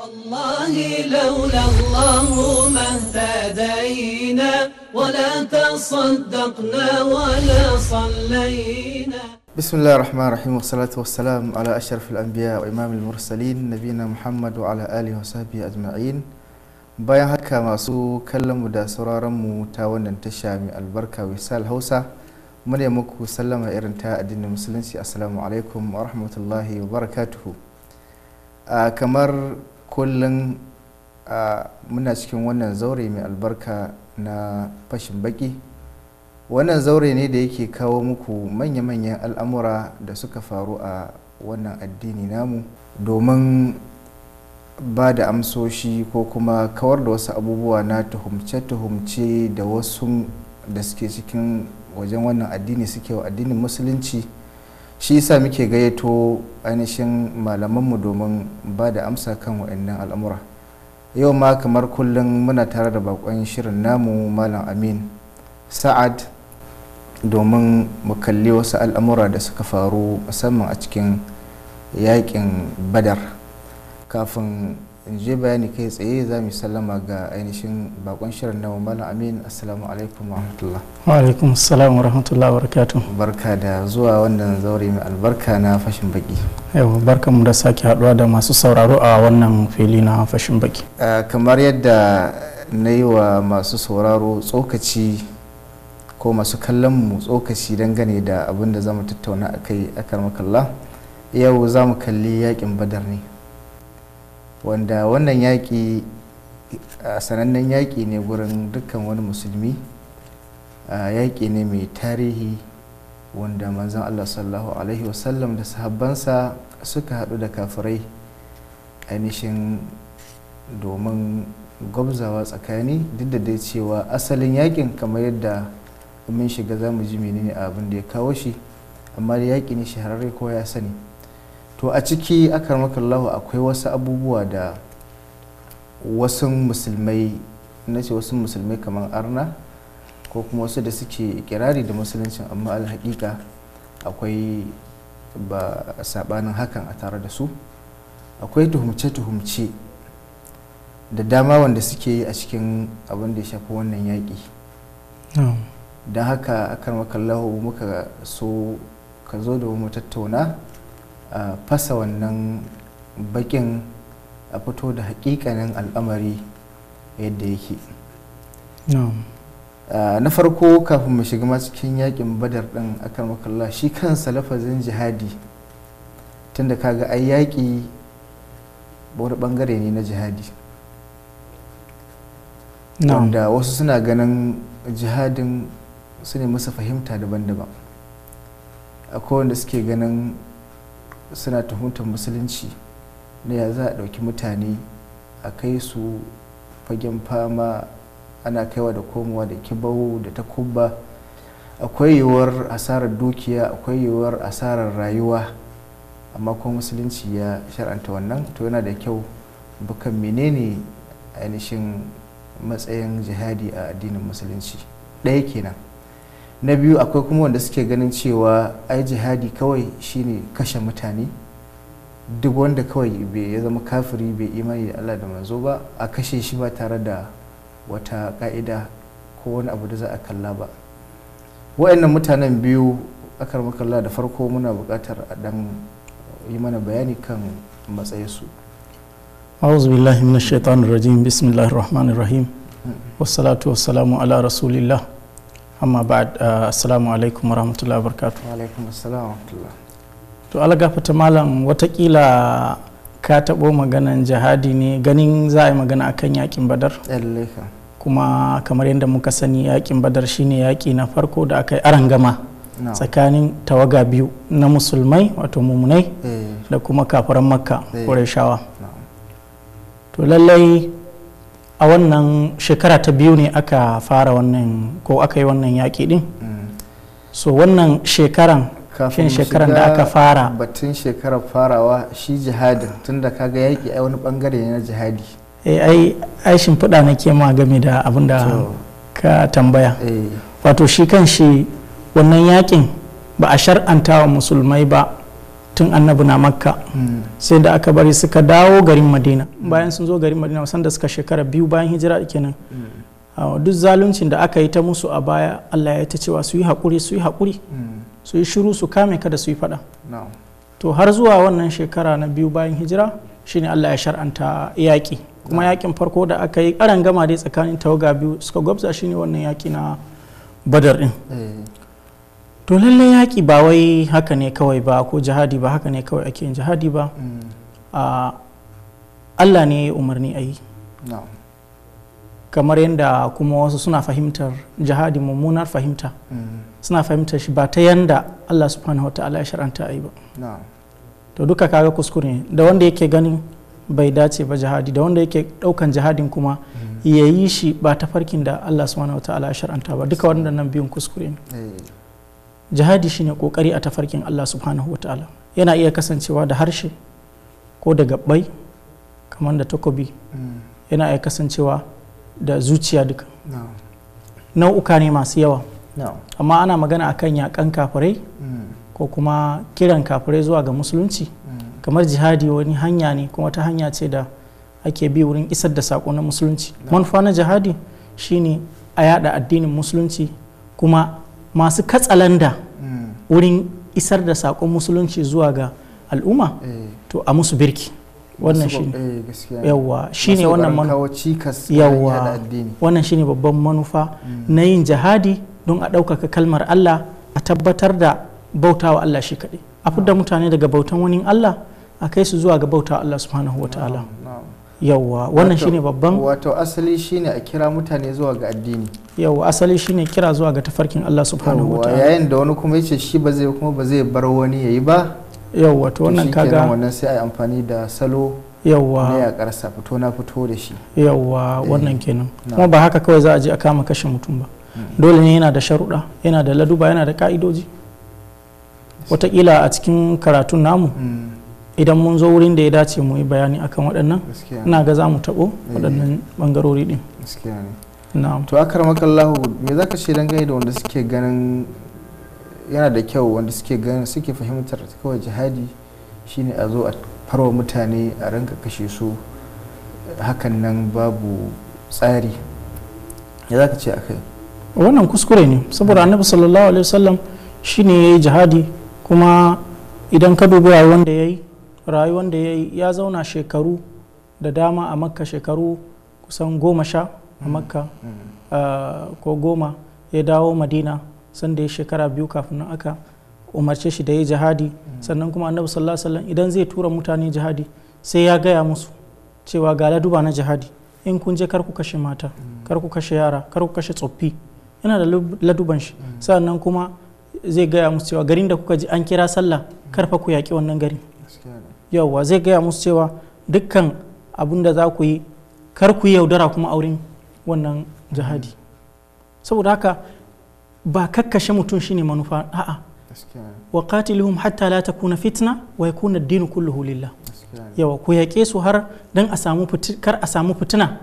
والله لولا الله ما اهتدينا ولا تصدقنا ولا صلينا بسم الله الرحمن الرحيم والصلاة والسلام على أشرف الأنبياء وإمام المرسلين نبينا محمد وعلى آله وصحبه أجمعين bayan haka masu kallonmu da sauraronmu ta wannan tasha mai albarka wisal hausa mune muku sallama irin ta addinin musulunci assalamu alaikum wa rahmatullahi wa barakatuhu kamar kullum muna cikin wannan zaure mai albarka na fashin baki wannan zaure ne da yake kawo muku manya-manyan al'amura da suka faru a wannan addini namu domin ba da amsoshi ko kuma kawar da wasu abubuwa na tuhumce-tuhumce da wasu da suke cikin wajen wannan addini suke wa addinin musulunci shi yasa muke gayyato ainihin malamanmu domin ba da amsa kan wa'annan al'amura yau ma kamar kullum muna tare da bakon shirin namu malam amin sa'ad domin mu kalli wasu al'amura da suka faru musamman a cikin yakin badar kafin je bayani kai tsaye za mu sallama ga ainihin bakon shirin na malam amin assalamu alaikum wa rahmatullah wa alaikum assalam wa rahmatullah wa barakatuh barka da zuwa wannan zaure mai albarka na fashin baki yau barka mu da sake haduwa da masu sauraro a wannan fili na fashin baki kamar yadda na yi wa masu sauraro tsokaci ko masu kallon mu tsokaci dangane da abin da za mu tattauna a kai a karmakallah yau za mu kalli yakin badar ne wanda wannan yaƙi a sanannen yaƙi ne gurin dukkan wani musulmi yaƙi ne mai tarihi wanda manzon allah sallallahu alaihi wasallam da sahabbansa suka haɗu da kafirai ainihin domin gwabzawa tsakani duk da dai cewa asalin yaƙin kamar yadda mun shiga zamu mu ji menene abin da ya kawo shi amma da yaƙi ne shahararre kowa ya sani to a ciki akar makallahu akwai wasu abubuwa da wasu musulmai na ce wasu musulmai kamar arna ko kuma wasu da suke kirari da musulunci amma alhaƙiƙa akwai ba sabanin hakan a tare da su akwai tuhumce-tuhumce da dama wanda suke yi a cikin abin da ya shafi wannan yaƙi don haka akan makallahu muka so ka zo da mu tattauna fasa wannan bakin a fito da hakikanin al'amari yadda yake na farko kafin mu shiga cikin yakin badar din akan makalla shi kansa lafazin jihadi tunda kaga ai yaki wani bangare ne na jihadi wanda wasu suna ganin jihadin su ne masa fahimta daban-daban akwai wanda suke ganin suna tuhuntar musulunci na ya za a ɗauki mutane a kai su fagen fama ana kaiwa da komowa da kibau da takubba akwai yiwuwar asarar dukiya akwai yiwuwar asarar rayuwa amma kuma musulunci ya shar'anta wannan to yana da kyau bukan menene ainihin matsayin jihadi a addinin musulunci ɗaya kenan na biyu akwai kuma wanda suke ganin cewa ai jihadi kawai shine kashe mutane duk wanda kawai bai ya zama kafiri bai imani da Allah da manzo ba a kashe shi ba tare da wata ka'ida ko wani abu da za a kalla ba wa'annan mutanen biyu aka makalla da farko muna bukatar a dan yi mana bayani kan matsayinsu أعوذ بالله من الشيطان الرجيم بسم الله الرحمن الرحيم والصلاة والسلام على رسول amma ba uh, assalamu alaikum wa wa wabarakatuh alaikum assalamu to algafata malam watakila ka taɓo maganan jihadi ne ganin za a yi magana akan yakin badar kuma kamar yadda muka sani yakin badar shine yaki na farko da aka yi arangama tsakanin tawaga biyu na musulmai wato mumunai eh. da kuma kafaran makka eh. shawa to lallai a wannan shekara ta biyu ne aka fara wannan ko aka yi wannan yaƙi din so wannan shekaran kafin shekaran da aka fara batun shekarar farawa shi jihadi tun da kaga yaƙi ai wani bangare ne na jihadi eh, ai ai shin na ke ma game da abin da ka tambaya eh. wato shi kan shi wannan yaƙin ba a shar'anta wa musulmai ba tun annabi na makka sai da aka bari suka dawo garin madina bayan sun zo garin madina wasan da suka shekara biyu bayan hijira kenan ah, duk zaluncin da aka yi ta musu a baya allah ya ta cewa su yi haƙuri su yi haƙuri su yi shiru su kame kada su yi faɗa to har zuwa wannan shekara na biyu bayan hijira shine allah ya shar'anta yaƙi kuma yaƙin farko da aka yi ƙaran gama dai tsakanin tawaga biyu suka gwabza shine wannan yaƙi na badar din. Eh. to lallai yaƙi ba wai haka ne kawai ba ko jihadi ba haka ne kawai ake yin jihadi ba mm. ah, allah ne ya umarni a yi kamar yadda kuma wasu suna fahimtar jihadi mummunar fahimta mm. suna fahimtar shi ba ta yanda allah subhanahu wa ta'ala ya shar'anta a yi ba to duka kaga kuskure da wanda yake ganin bai dace ba jihadi da wanda yake daukan jihadin kuma mm. ya yi shi ba ta farkin da allah subhanahu wa ta'ala ya shar'anta ba duka nan biyun kuskure ne eh. jihadi shine kokari a tafarkin Allah subhanahu wataala yana iya kasancewa da harshe ko da gabbai kamar da takobi yana iya kasancewa da zuciya duka nau'uka ne masu yawa amma ana magana akan yakan kafirai mm. ko kuma kiran kafirai zuwa ga musulunci mm. kamar jihadi wani hanya ne kuma ta hanya ce da ake bi wurin isar da sako na musulunci manufa na jihadi shine a yada addinin musulunci kuma masu katsalanda mm. wurin isar da sakon musulunci zuwa ga al'umma eh. to a musu birki wannan shi ne eh, yawa shi ne wannan wannan shi ne babban manufa mm. na yin jihadi don a ɗaukaka kalmar Allah a tabbatar da bautawa Allah shi kaɗai a fidda mutane daga bautan wani Allah a kai su zuwa ga bautawa Allah subhanahu wa ta'ala yawwa wannan shine babban wato asali shine a kira mutane zuwa ga addini yawwa asali shine kira zuwa ga tafarkin Allah subhanahu wataala yayin da wani kuma yace shi ba zai kuma ba zai bar wani yayi ba yawwa to wannan kaga wannan sai a amfani da salo yawwa ne a karsa fito na fito da shi yawwa eh, wannan kenan kuma ba haka kawai za a je a kama kashe mutum ba mm. dole ne yana da sharuɗa yana da laduba yana da ka'idoji watakila a cikin karatun namu mm. idan mun zo wurin da ya dace mu yi bayani akan waɗannan ina ga za mu taɓo eh. waɗannan ɓangarori ɗin to akar makallahu me za ka ce gani da wanda suke ganin yana da kyau wanda suke ganin suke fahimtar kawai jihadi shine a zo a farwa mutane a ranka kashe su hakan nan babu tsari ya za ka ce a kai wannan kuskure ne saboda annabi sallallahu alaihi wasallam shine ya yi jihadi kuma idan ka dubi wanda ya yi rayuwar da ya yi ya zauna shekaru da dama a makka shekaru kusan goma sha a mm-hmm. makka mm-hmm. Uh, ko goma ya dawo madina sanda ya shekara biyu kafin aka umarce shi da ya jihadi mm-hmm. sannan kuma annabi sallallahu alaihi wasallam idan zai tura mutane jihadi sai ya gaya musu cewa ga laduba na jihadi in kun je kar ku kashe mata kar ku kashe yara kar ku kashe tsoffi yana da laduban shi sannan kuma zai gaya musu cewa garin da kuka ji an kira sallah karfa ku yaƙi wannan garin yauwa zai gaya musu cewa dukkan abin da za ku yi kar ku yi yaudara kuma auren wannan jihadi hmm. saboda haka ba kakkashe mutum shine manufa a'a wa qatiluhum hatta la takuna fitna wa yakuna ad-din kulluhu lillah yawa ku yake su har dan a samu kar a samu fitina hmm.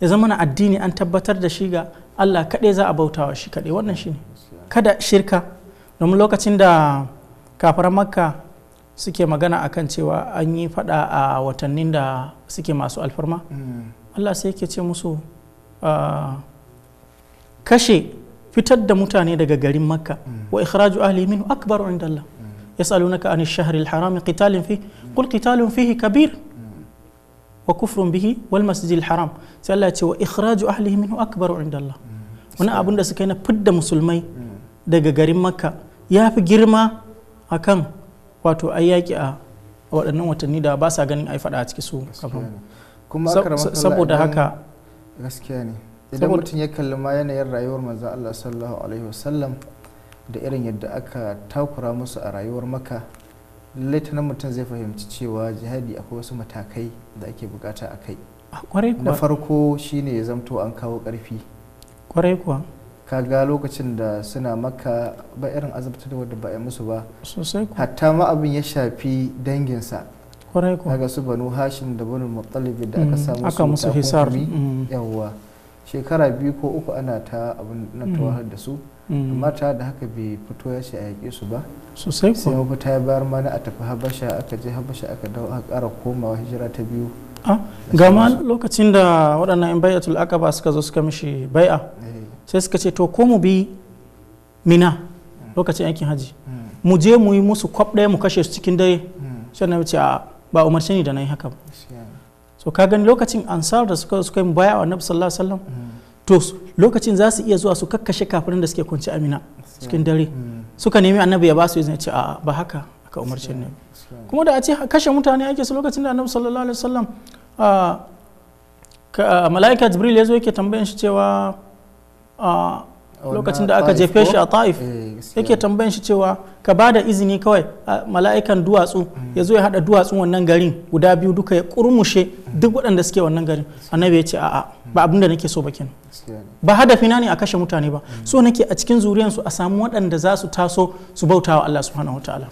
ya zama na addini an tabbatar da shi ga Allah kaɗai za a bautawa shi kaɗai wannan shine kada shirka domin lokacin da kafar makka suke magana akan cewa an yi fada a watannin da suke masu alfarma hmm. Allah sai yake ce musu ah, kashe fitar da mutane daga garin makka hmm. wa ikhraju ahli minhu akbar inda Allah hmm. yas'alunaka an ash-shahr al-haram qitalin fi qul qitalun fihi kabir wa kufrun bihi wal masjid al-haram sai Allah ya ce wa ikhraju ahli minhu akbar inda Allah wani abun da suka yi na fidda musulmai daga garin makka ya fi girma akan wato ai yaki a waɗannan watanni da ba sa ganin ai fada a ciki su kafin saboda haka gaskiya ne idan mutum ya kalli ma yanayin rayuwar manzo Allah sallallahu alaihi wasallam da irin yadda aka takura musu a rayuwar maka lallai mutum zai fahimci cewa jihadi akwai wasu matakai da ake bukata a kai na farko shine ya zamto an kawo karfi kwarai kuwa kaga lokacin da suna maka ba irin azabtar da ba a musu ba hatta ma abin ya shafi danginsa kaga su banu hashin da banu matsalibi da aka mm, samu aka musu hisar mm. yawwa shekara biyu ko uku ana ta abin na mm. tawahar da su amma ta da haka bai fito ya shi a yaƙi su ba sosai ko sai mafita ya bayar mana a tafi habasha aka je habasha aka dawo aka ƙara komawa hijira ta biyu ah, gama lokacin da waɗannan 'yan bai'atul akaba suka zo suka mishi bai'a eh. sai suka ce to ko mu bi mina lokacin aikin haji mu je mu yi musu kwab ɗaya mu kashe su cikin dare sai na ce ba Umarci ne da na yi haka so ka gani lokacin ansar da suka suka yi baya wa Nabi sallallahu alaihi wasallam to lokacin za su iya zuwa su kakkashe kafirin da suke kunci amina cikin dare suka nemi annabi ya ba su izini ce a ba haka aka umarce ne kuma da a ce kashe mutane ake su lokacin da annabi sallallahu alaihi wasallam ah, ah, mala'ika jibril ya zo yake tambayan shi cewa a lokacin da aka jefe shi a ta'if eh, yake tambayan shi cewa ka ba da izini kawai mala'ikan duwatsu hmm. ya zo ya hada duwatsu wannan garin guda biyu duka ya kurmushe duk waɗanda suke wannan garin annabi ya ce a'a hmm. ba abin da nake so ba kenan ba na ne a kashe mutane ba hmm. so nake a cikin zuriyansu a samu waɗanda za su taso su bauta wa Allah subhanahu wataala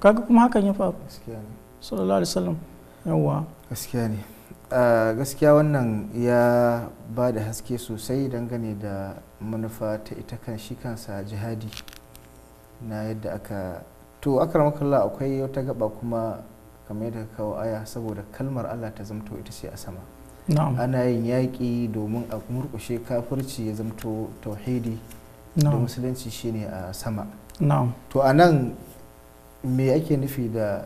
kaga kuma hakan ya faru sallallahu alaihi wasallam gaskiya wannan ya ba da haske sosai dangane da manufa ta ita kan shi kansa jihadi na yadda aka to akramakallah akwai wata gaba kuma kamar yadda kawo aya saboda kalmar allah ta zamto ita ce a sama ana yin yaƙi domin a murƙushe kafirci ya zamto tauhidi da musulunci shine a sama to a nan me ake nufi da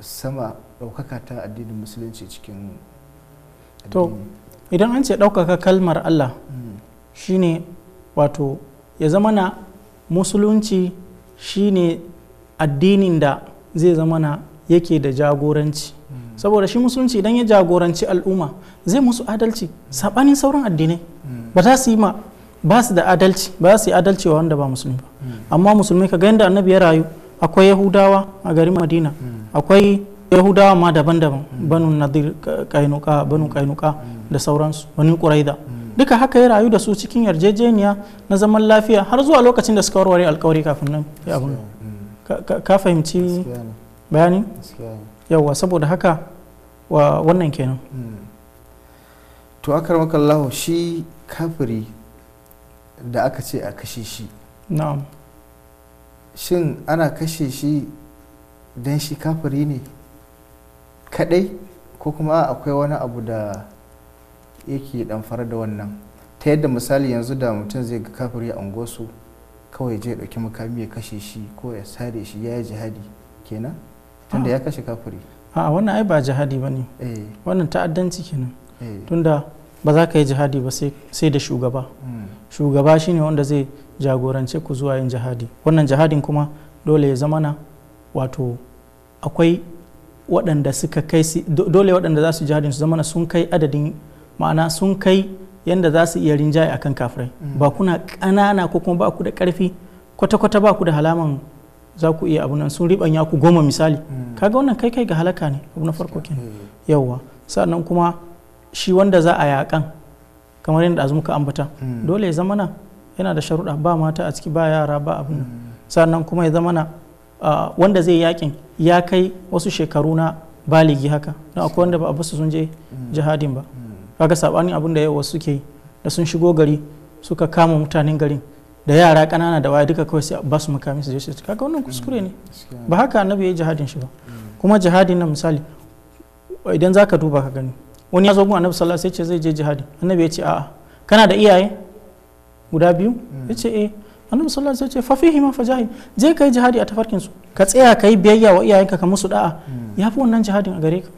sama ɗaukaka ta addinin musulunci cikin to idan an ce ɗaukaka kalmar allah hmm. shine wato ya zama na musulunci shine addinin da zai zama na yake da jagoranci hmm. saboda shi musulunci idan ya jagoranci al'umma zai musu adalci saɓanin sauran addinai hmm. ba za su yi ma ba su da adalci ba za su yi adalci wa wanda ba musulmi ba amma musulmi ka ga yadda annabi ya rayu akwai yahudawa a garin madina akwai yahudawa ma daban-daban banu nadir kainuka banu kainuka da sauransu banu ƙuraida duka haka ya rayu da su cikin yarjejeniya na zaman lafiya har zuwa lokacin da suka warware alkawari kafin nan ya abu ka fahimci bayani yawa saboda haka wa wannan kenan to akar makallahu shi kafiri da aka ce a kashe shi na'am shin ana kashe shi don shi kafiri ne kadai ko kuma akwai wani abu da yake damfara da wannan ta yadda misali yanzu da mutum zai ga kafiri a unguwarsu kawai je ɗauki mukami ya kashe shi ko ya sare shi ya yi jihadi kenan tunda ya kashe kafiri a wannan ai ba jihadi ba ne eh. wannan ta'addanci kenan eh. tunda ba za ka yi jihadi ba sai da shugaba hmm. shugaba shine wanda zai jagorance ku zuwa yin jihadi wannan jihadin kuma dole ya zama na wato akwai waɗanda suka kai dole waɗanda za su jihadin su zamana sun kai adadin ma'ana sun kai yadda za su iya rinjaye akan kafirai mm. ba kuna ƙanana ko kuma ba ku da ƙarfi kwata-kwata ba ku da halaman za ku iya abu nan sun riɓanya ku goma misali mm. kaga wannan kai kai ga halaka ne abu na farko kenan mm. yawwa sannan kuma shi wanda za a yakan kamar yadda azumi ka ambata dole ya zamana yana da sharuɗa ba mata a ciki ba yara ba abin nan sannan kuma ya zamana Ah, wanda zai yakin ya kai wasu shekaru na baligi haka na akwai wanda ba a basu sun je jihadin ba kaga sabanin abin da yau wasu da sun shigo gari suka kama mutanen garin da yara kanana da waya duka kawai sai ba su makami su je su kaga wannan kuskure ne ba haka annabi yayi jihadin shi ba kuma jihadin na misali idan zaka duba ka gani wani ya zo mu annabi sallallahu alaihi wasallam sai ce zai je jihadi annabi ya ce a'a kana da iyaye guda biyu ya ce eh annabi sallallahu alaihi wasallam ce fa fihi ma fajahi je kai jihadi a tafarkin su ka tsaya kai biyayya wa iyayenka ka musu da'a hmm. ya fi wannan jihadin a gare ka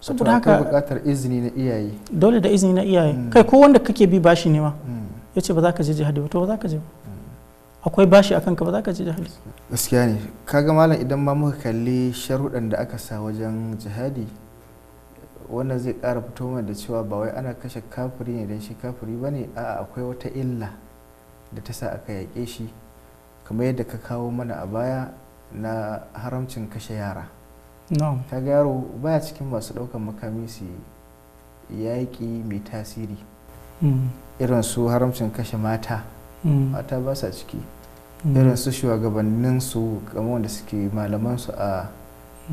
saboda haka buƙatar izini na iyaye dole da izini na iyaye hmm. kai ko wanda kake bi bashi ne ma hmm. yace ba za ka je jihadi ba to ba za ka je ba akwai bashi akan ka ba za ka je jihadi gaskiya ne kaga malam idan ma muka kalli sharuɗan da aka sa wajen jihadi wannan zai ƙara fito mana da cewa ba wai ana kashe kafiri ne don shi kafiri ba ne a'a akwai wata illa da ta sa aka yaƙe shi kamar yadda ka kawo mana a baya na haramcin kashe yara kaga yaro baya cikin masu ɗaukar makami su yaƙi mai tasiri mm. irin su haramcin kashe mata mm. mata ba sa ciki mm. irin su shugabannin su kamar wanda suke malaman su a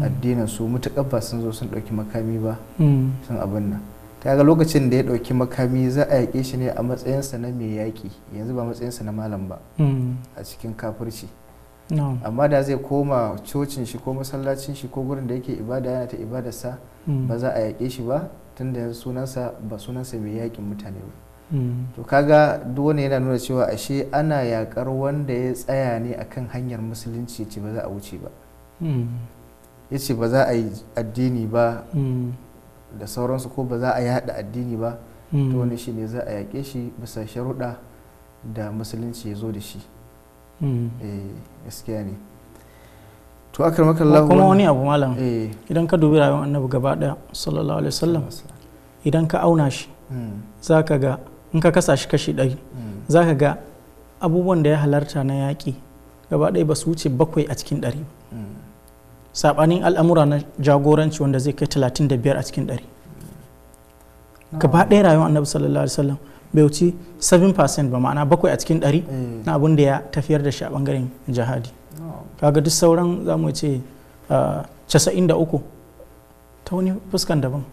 addinin su mutuƙar ba sun zo sun ɗauki makami ba sun abin nan kaga lokacin da ya ɗauki makami za a yaƙe shi ne a matsayinsa na mai yaƙi yanzu ba matsayinsa na malam ba hmm. a cikin kafirci amma da zai koma cocin shi ko masallacin shi ko gurin da yake ibada yana ta ibadarsa hmm. ba za a yaƙe shi ba tunda yanzu sunansa ba sunansa mai yaƙin mutane ba hmm. to kaga duk wani yana nuna cewa ashe ana yaƙar wanda ya tsaya ne akan hanyar musulunci ce ba za a wuce ba ya ce ba za a yi addini ba da sauransu ko ba za a yada addini ba hmm. to wani shi ne za a yaƙe shi bisa sharuɗa da musulunci ya zo da shi hmm. eh, gaskiya ne to akar makallahu kuma wani abu malam eh. idan ka dubi rayuwar annabi gaba daya sallallahu alaihi wasallam idan ka auna shi hmm. za ka ga in ka kasa shi kashi ɗari za ka ga abubuwan da ya halarta na yaƙi gaba ɗaya ba su wuce bakwai a cikin ɗari ba sabanin al'amura na jagoranci wanda zai kai 35 a cikin 100 gaba ɗaya rayuwar annabi sallallahu alaihi wasallam bai wuce 7% ba ma'ana bakwai a cikin 100 na abin da ya tafiyar da shi a bangaren jihadi kaga duk sauran za mu ce 93 ah, ta wani fuskan daban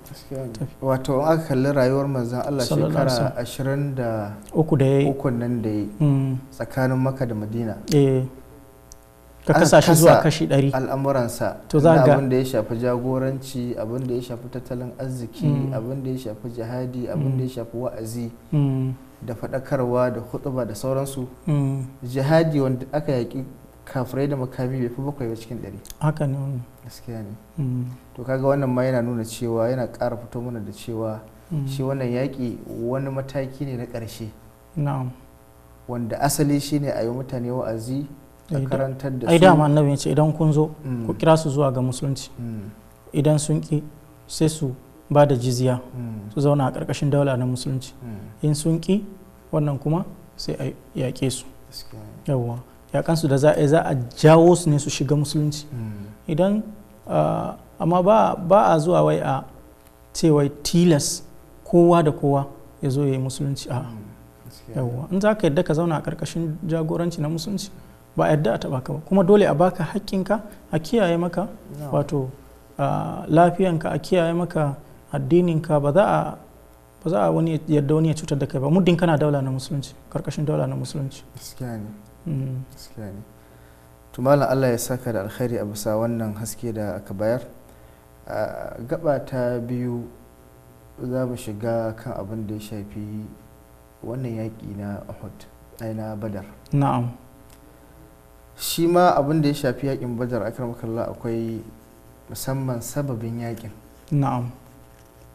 wato an aka kalli rayuwar manzan Allah shekara 23 da ya yi mm. tsakanin maka da madina eh. ka kasa shi zuwa kashi ɗari al'amuransa to za ga abin da ya shafi jagoranci abin da ya shafi tattalin arziki hmm. abin da ya shafi jihadi abin da ya hmm. shafi wa'azi hmm. da faɗakarwa da hutuba da sauransu jihadi wanda aka yaki kafirai da makami bai fi bakwai ba cikin ɗari haka ne gaskiya ne to kaga wannan ma yana nuna cewa yana kara fito mana da cewa shi wannan yaki wani mataki ne na ƙarshe wanda asali shine a yi mutane wa'azi karantar ai dama annabi ya ce idan kun zo mm. ku kira su zuwa ga musulunci mm. idan sun ki sai su ba da jizya mm. su zauna a ƙarƙashin daula na musulunci in sun ki wannan kuma sai a yaƙe su yawwa yaƙansu da za a jawo su ne su shiga musulunci idan amma ba a zuwa wai a cewa tilas kowa da kowa ya zo ya yi musulunci a yawwa in za ka yadda ka zauna a ƙarƙashin jagoranci na musulunci ba yadda a taba ka ba kuma dole a baka hakkinka a kiyaye maka wato lafiyanka a kiyaye maka addininka ba za a ba za a wani yadda wani ya cutar da kai ba muddin kana daula na musulunci karkashin daula na musulunci gaskiya ne mm. to malam Allah ya saka da alkhairi a bisa wannan haske da aka bayar gaba ta biyu za mu shiga kan abin da ya shafi wannan yaƙi na Uhud ai na Badar na'am shi ma abin da ya shafi yakin bajar akram makalla akwai musamman sababin yakin na'am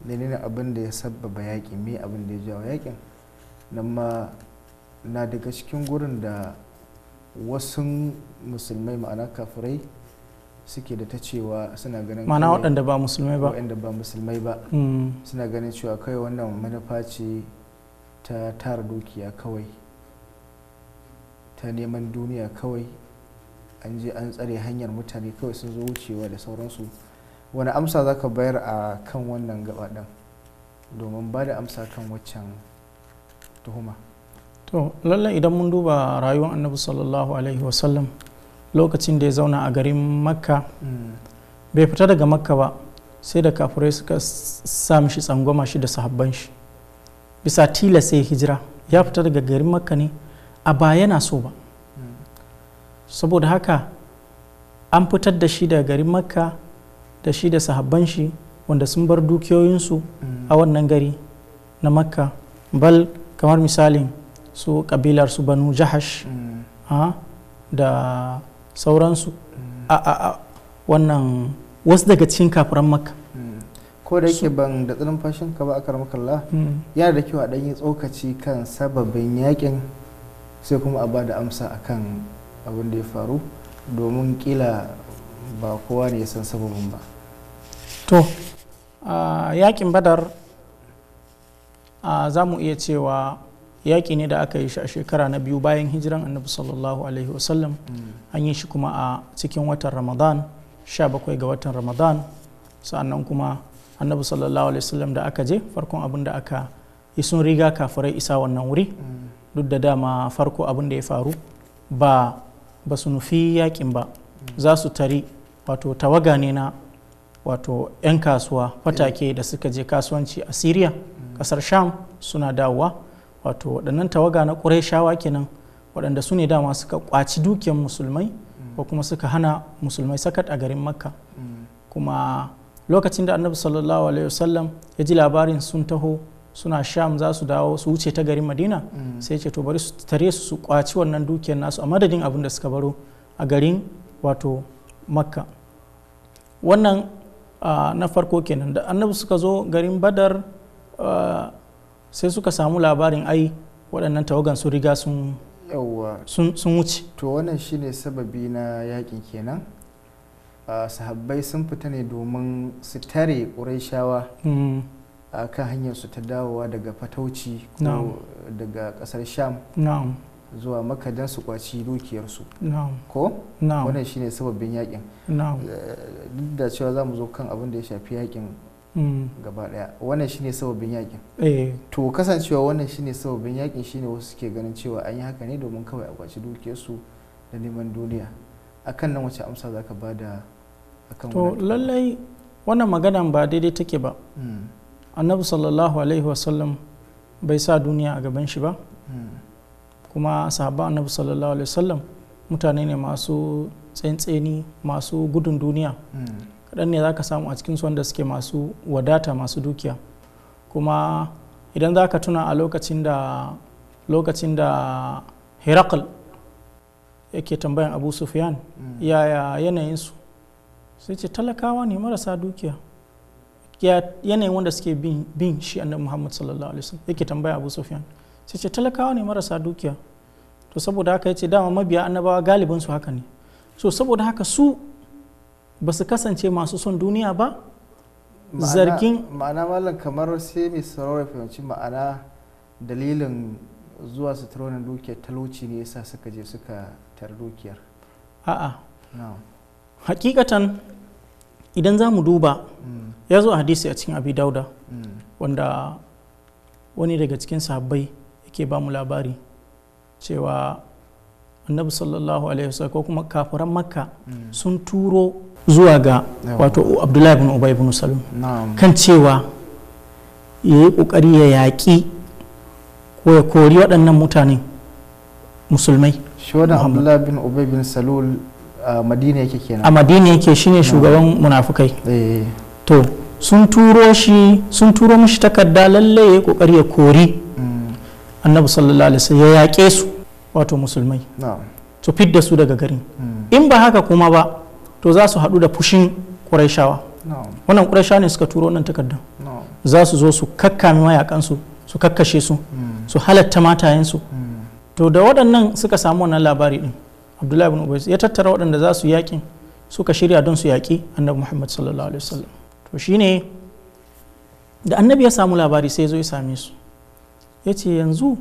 menene abin da ya sababa yakin me abin da ya jawo yakin nan ma na daga cikin gurin da wasu musulmai ma'ana kafirai suke da ta cewa suna ganin ma'ana waɗanda ba musulmai ba waɗanda ba musulmai ba hmm. suna ganin cewa kai wannan manufa ce ta tara dukiya kawai ta neman duniya kawai an je an tsare hanyar mutane kawai sun zo wucewa da sauransu wani amsa za ka bayar a kan wannan gaba domin ba da amsa kan waccan tuhuma to lallai idan mun duba rayuwar annabi sallallahu alaihi wasallam lokacin da ya zauna a garin makka mm. bai fita daga makka ba sai da kafirai suka sa mishi tsangwama shi da sahabban shi bisa tilastai ya hijira ya fita daga garin makka ne a ba yana so ba saboda haka an fitar da shi daga garin makka da shi da sahabban shi wanda sun bar dukiyoyinsu a wannan gari na makka bal kamar misalin su kabilar su banu jahash mm. ah, da sauransu a a a wannan wasu daga cikin kafiran makka mm. ko da yake ban da tsirin fashin ka ba a karmakalla mm. yana da kyau a ɗanyi tsokaci kan sababin yakin sai kuma a ba da amsa akan abin da ya faru domin kila ba kowa ne ya san sababin ba to a yakin badar za mu iya cewa yaƙi ne da aka yi shi a shekara na biyu bayan hijiran annabi sallallahu alaihi wasallam mm. an yi shi kuma a cikin watan ramadan 17 ga watan ramadan sa'annan kuma annabi sallallahu alaihi wasallam da aka je farkon abin da aka yi sun riga kafirai isa wannan wuri mm. duk da dama farko abin da ya faru ba ba su nufi yakin ba za su tari wato tawaga ne na wato 'yan kasuwa fatake da suka je kasuwanci a syria kasar sham suna dawowa wato waɗannan tawaga na ƙurayshawa kenan waɗanda su ne dama suka ƙwaci dukiyar musulmai ko kuma suka hana musulmai sakat a garin makka kuma lokacin da annabi sallallahu alaihi wasallam ya ji labarin sun taho suna sham za su dawo su wuce ta garin madina sai ce to bari su tare su kwaci wannan dukiyar nasu a madadin abin da suka baro a garin wato makka wannan na farko kenan da annabi suka zo garin badar sai suka samu labarin ai waɗannan tawagan sun riga sun sun wuce to wannan shine sababi na yaƙi kenan sahabbai sun fita ne domin su tare ƙurai a kan hanyarsu ta dawowa daga fatauci ko daga kasar sham zuwa maka don su kwaci dukiyarsu ko wannan shine sababbin yakin eh, duk da cewa za mu zo kan abin da ya shafi yakin mm. gaba daya wannan shine sababbin yakin eh. to kasancewa wannan shine sababbin yakin shine wasu suke ganin cewa an yi haka ne domin kawai a kwaci dukiyarsu da neman duniya akan nan wace amsa za ka bada akan to lallai wannan maganan ba daidai take ba mm. annabi sallallahu alaihi wasallam bai sa duniya a gaban shi ba hmm. kuma sahaba annabi sallallahu alaihi wasallam mutane ne masu tsantseni masu gudun duniya hmm. kaɗan ne za ka samu a cikinsu wanda suke masu wadata masu dukiya kuma idan za ka tuna a lokacin da lokacin da herakl yake tambayan abu sufyan hmm. yaya yanayinsu sai ce talakawa ne marasa dukiya ya yanayin wanda suke bin shi shi annabi Muhammad sallallahu alaihi wasallam yake tambaya Abu Sufyan sai ce talakawa ne marasa dukiya to saboda haka yace dama mabiya annabawa galibin su haka ne so saboda haka su ba su kasance masu son duniya ba zargin ma'ana mallam kamar sai mai sarauta fahimci ma'ana dalilin zuwa su taronin dukiya talauci ne yasa suka je suka tar dukiyar a'a hakikatan idan za mu duba mm. ya zo a hadisi a cikin abi dauda wanda wani daga cikin sahabbai yake ba mu labari cewa annabi sallallahu alaihi wasallam ko kuma kafiran makka sun turo zuwa ga wato abdullahi bin ubay bin salum kan cewa ya yi kokari ya yaƙi ko ya kori waɗannan mutane musulmai shi wannan abdullahi bin ubay bin salul a madina yake kenan a madina yake shine shugaban munafukai eh. to sun turo shi sun turo mishi takarda lalle ya kokari ya kori annabi sallallahu alaihi wasallam ya yaƙe su wato musulmai to fit da su daga garin hmm. in ba haka kuma ba to za su haɗu da fushin ƙurashawa. wannan ƙurashawa ne suka turo wannan takardan za su zo su kakkame mayakansu su kakkashe su hmm. su halatta matayensu hmm. to da waɗannan suka samu wannan labari din abdullahi ibn ubayd ya tattara waɗanda za su yakin. suka shirya don su yaƙi annabi muhammad sallallahu alaihi wasallam to shi ne da annabi ya samu labari sai zo ya same su ya ce yanzu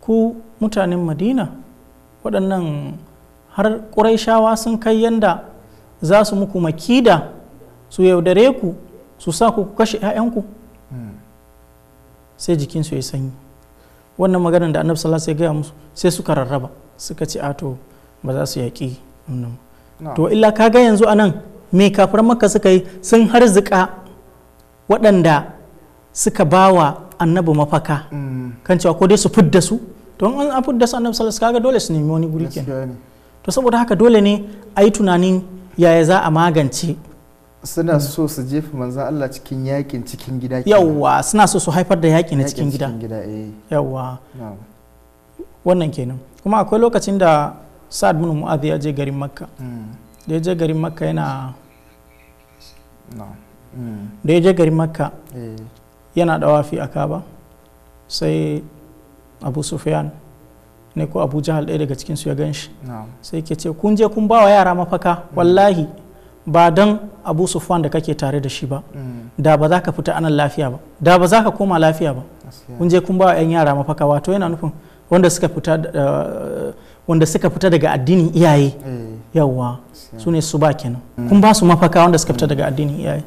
ku mutanen madina waɗannan har shawa sun kai yanda za su muku makida su yaudare ku su sa ku kashe 'ya'yanku hmm. sai jikinsu ya sanyi wannan maganar da annabi sallallahu alaihi gaya musu sai suka rarraba suka ce ato ba za su yaƙi to illa ka ga yanzu anan me kafiran maka suka yi sun harzika waɗanda suka bawa annabi mafaka mm. kan cewa ko dai su fidda su don an fidda su annabi sallallahu kaga dole su nemi wani guri to saboda haka dole ne a yi tunanin yaya za a magance suna so su jefa manzan Allah cikin yakin cikin gida yawwa suna so su haifar da yaƙi na cikin gida eh. yawwa wannan kenan kuma akwai lokacin da sa'ad bin mu'adh ya je garin makka mm. da ya je garin makka yana Hmm. da ya je gari makka eh. yana da wafi a kaba sai abu sufyan ne ko abu jahal ɗaya daga cikinsu ya gan shi sai ke ce kun je kun ba wa yara mafaka hmm. wallahi ba don abu sufwan da kake tare da shi ba hmm. da ba za ka fita anan lafiya ba da ba za ka koma lafiya ba kun je kun ba wa 'yan yara mafaka wato yana nufin wanda suka fita eh, daga addinin iyaye eh. yawwa su ne su ba kenan kun ba su mafaka wanda suka fita daga addinin iyaye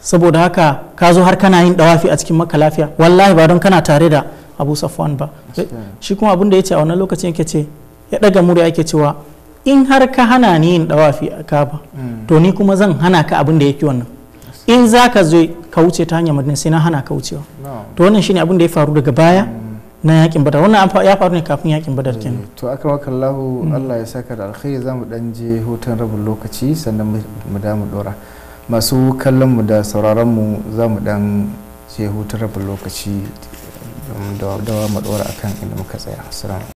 saboda haka ka zo har kana yin dawafi a cikin maka lafiya wallahi ba don kana tare da abu safwan ba shi kuma abin da ya ce a wannan lokacin yake ce ya daga murya yake cewa in har ka hana ni yin dawafi a kaba mm. to ni kuma zan hana ka abin da yake wannan in za ka zo ka wuce ta hanyar madina sai na hana ka wucewa to wannan shine abin da ya faru daga baya mm. na yakin badar wannan ya faru ne kafin yakin badar eh, kenan to aka maka Allahu mm. Allah ya saka da alkhairi zamu dan je hutun rabin lokaci sannan mu da mu dora masu kallon mu da sauraron mu zamu dan je hutun rabin lokaci da da mu dora akan inda muka tsaya assalamu